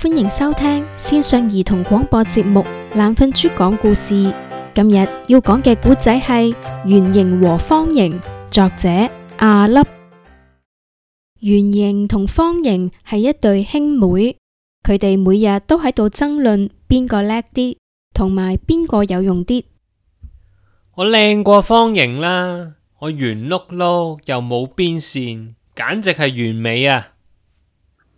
歡迎收聽線上兒童廣播節目《懶瞓豬講故事》。今日要講嘅古仔係圓形和方形，作者阿粒。圓形同方形係一對兄妹，佢哋每日都喺度爭論邊個叻啲，同埋邊個有用啲。我靚過方形啦，我圓碌碌又冇邊線，簡直係完美啊！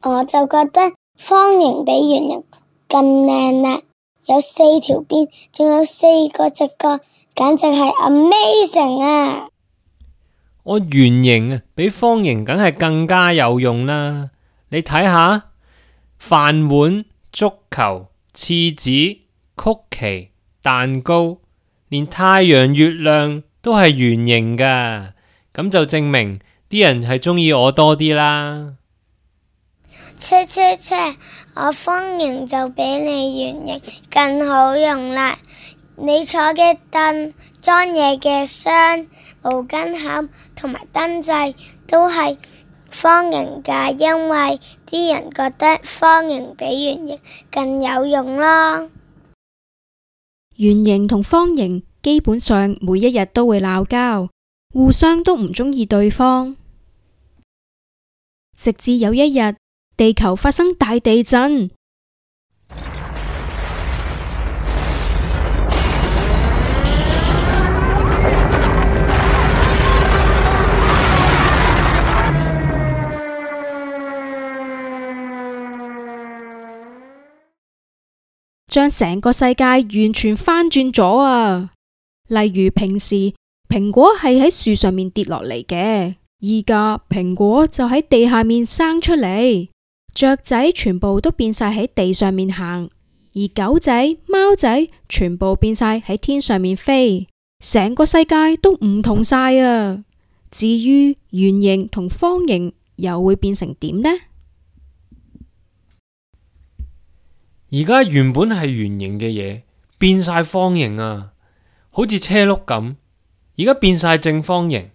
我就覺得。方形比圓形更靚啦，有四條邊，仲有四個直角，簡直係 amazing 啊！我圓形啊，比方形梗係更加有用啦！你睇下，飯碗、足球、廁紙、曲奇、蛋糕，連太陽、月亮都係圓形噶，咁就證明啲人係中意我多啲啦。切切切！我方形就比你圓形更好用啦。你坐嘅凳、裝嘢嘅箱、毛巾盒同埋燈掣都係方形㗎，因為啲人覺得方形比圓形更有用咯。圓形同方形基本上每一日都會鬧交，互相都唔鍾意對方，直至有一日。地球發生大地震，將成個世界完全翻轉咗啊！例如平時蘋果係喺樹上面跌落嚟嘅，而家蘋果就喺地下面生出嚟。雀仔全部都變晒喺地上面行，而狗仔、貓仔全部變晒喺天上面飛，成個世界都唔同晒啊！至於圓形同方形又會變成點呢？而家原本係圓形嘅嘢變晒方形啊，好似車轆咁。而家變晒正方形，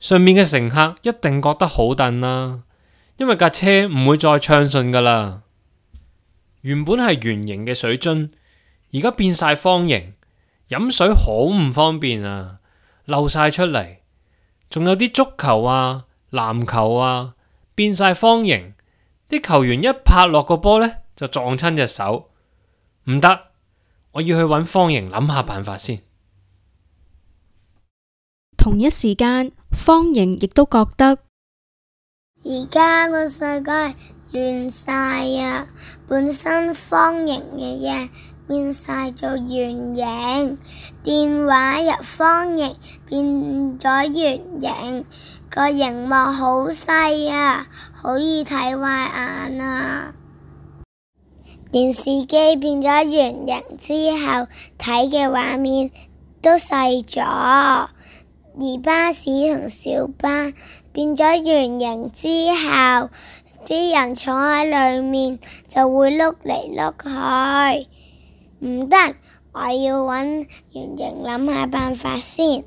上面嘅乘客一定覺得好顛啦、啊。因為架車唔會再暢順噶啦，原本係圓形嘅水樽，而家變晒方形，飲水好唔方便啊，漏晒出嚟。仲有啲足球啊、籃球啊變晒方形，啲球員一拍落個波呢，就撞親隻手，唔得，我要去揾方形諗下辦法先。同一時間，方形亦都覺得。而家個世界亂晒啊！本身方形嘅嘢變晒做圓形，電話入方形變咗圓形，個熒幕好細啊，可以睇壞眼啊！電視機變咗圓形之後，睇嘅畫面都細咗。而巴士同小巴變咗圓形之後，啲人坐喺裏面就會碌嚟碌去，唔得！我要揾圓形諗下辦法先。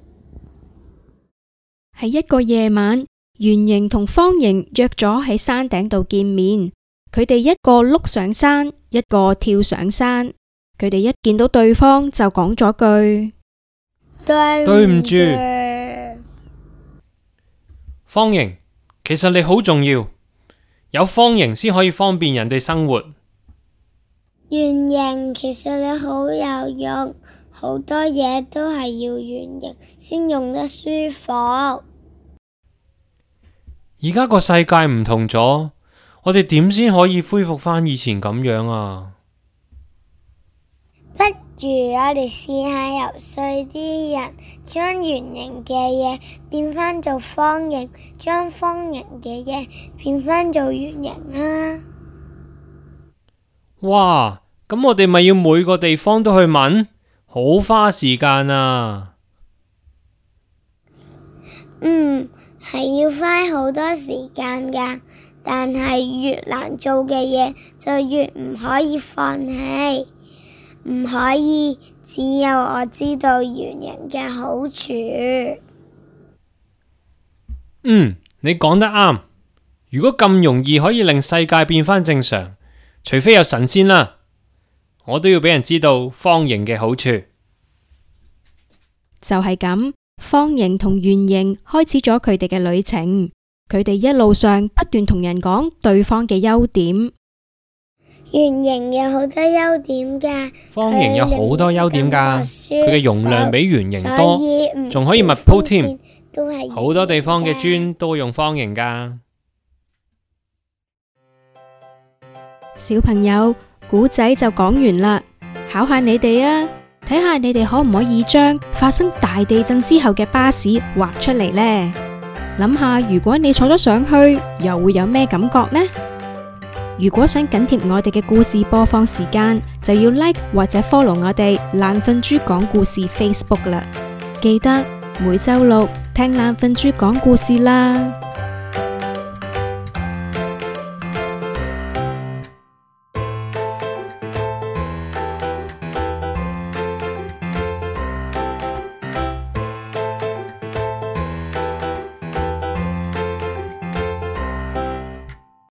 喺一個夜晚，圓形同方形約咗喺山頂度見面。佢哋一個碌上山，一個跳上山。佢哋一見到對方就講咗句：對唔住。方形，其實你好重要，有方形先可以方便人哋生活。圓形，其實你好有用，好多嘢都係要圓形先用得舒服。而家個世界唔同咗，我哋點先可以恢復返以前咁樣啊？如我哋試下游說啲人，將圓形嘅嘢變返做方形，將方形嘅嘢變返做圓形啦，啊。哇！咁我哋咪要每個地方都去問，好花時間啊。嗯，係要花好多時間㗎，但係越難做嘅嘢就越唔可以放棄。唔可以，只有我知道圓形嘅好處。嗯，你講得啱。如果咁容易可以令世界變返正常，除非有神仙啦，我都要俾人知道方形嘅好處。就係咁，方形同圓形開始咗佢哋嘅旅程。佢哋一路上不斷同人講對方嘅優點。圓形有好多優點噶，方形有好多優點噶，佢嘅容量比圓形多，仲可以密鋪添。好多地方嘅磚都用方形噶。小朋友，古仔就講完啦，考下你哋啊，睇下你哋可唔可以將發生大地震之後嘅巴士畫出嚟呢？諗下如果你坐咗上去，又會有咩感覺呢？如果想緊貼我哋嘅故事播放時間，就要 Like 或者 Follow 我哋懶瞓豬講故事 Facebook 啦！記得每周六聽懶瞓豬講故事啦！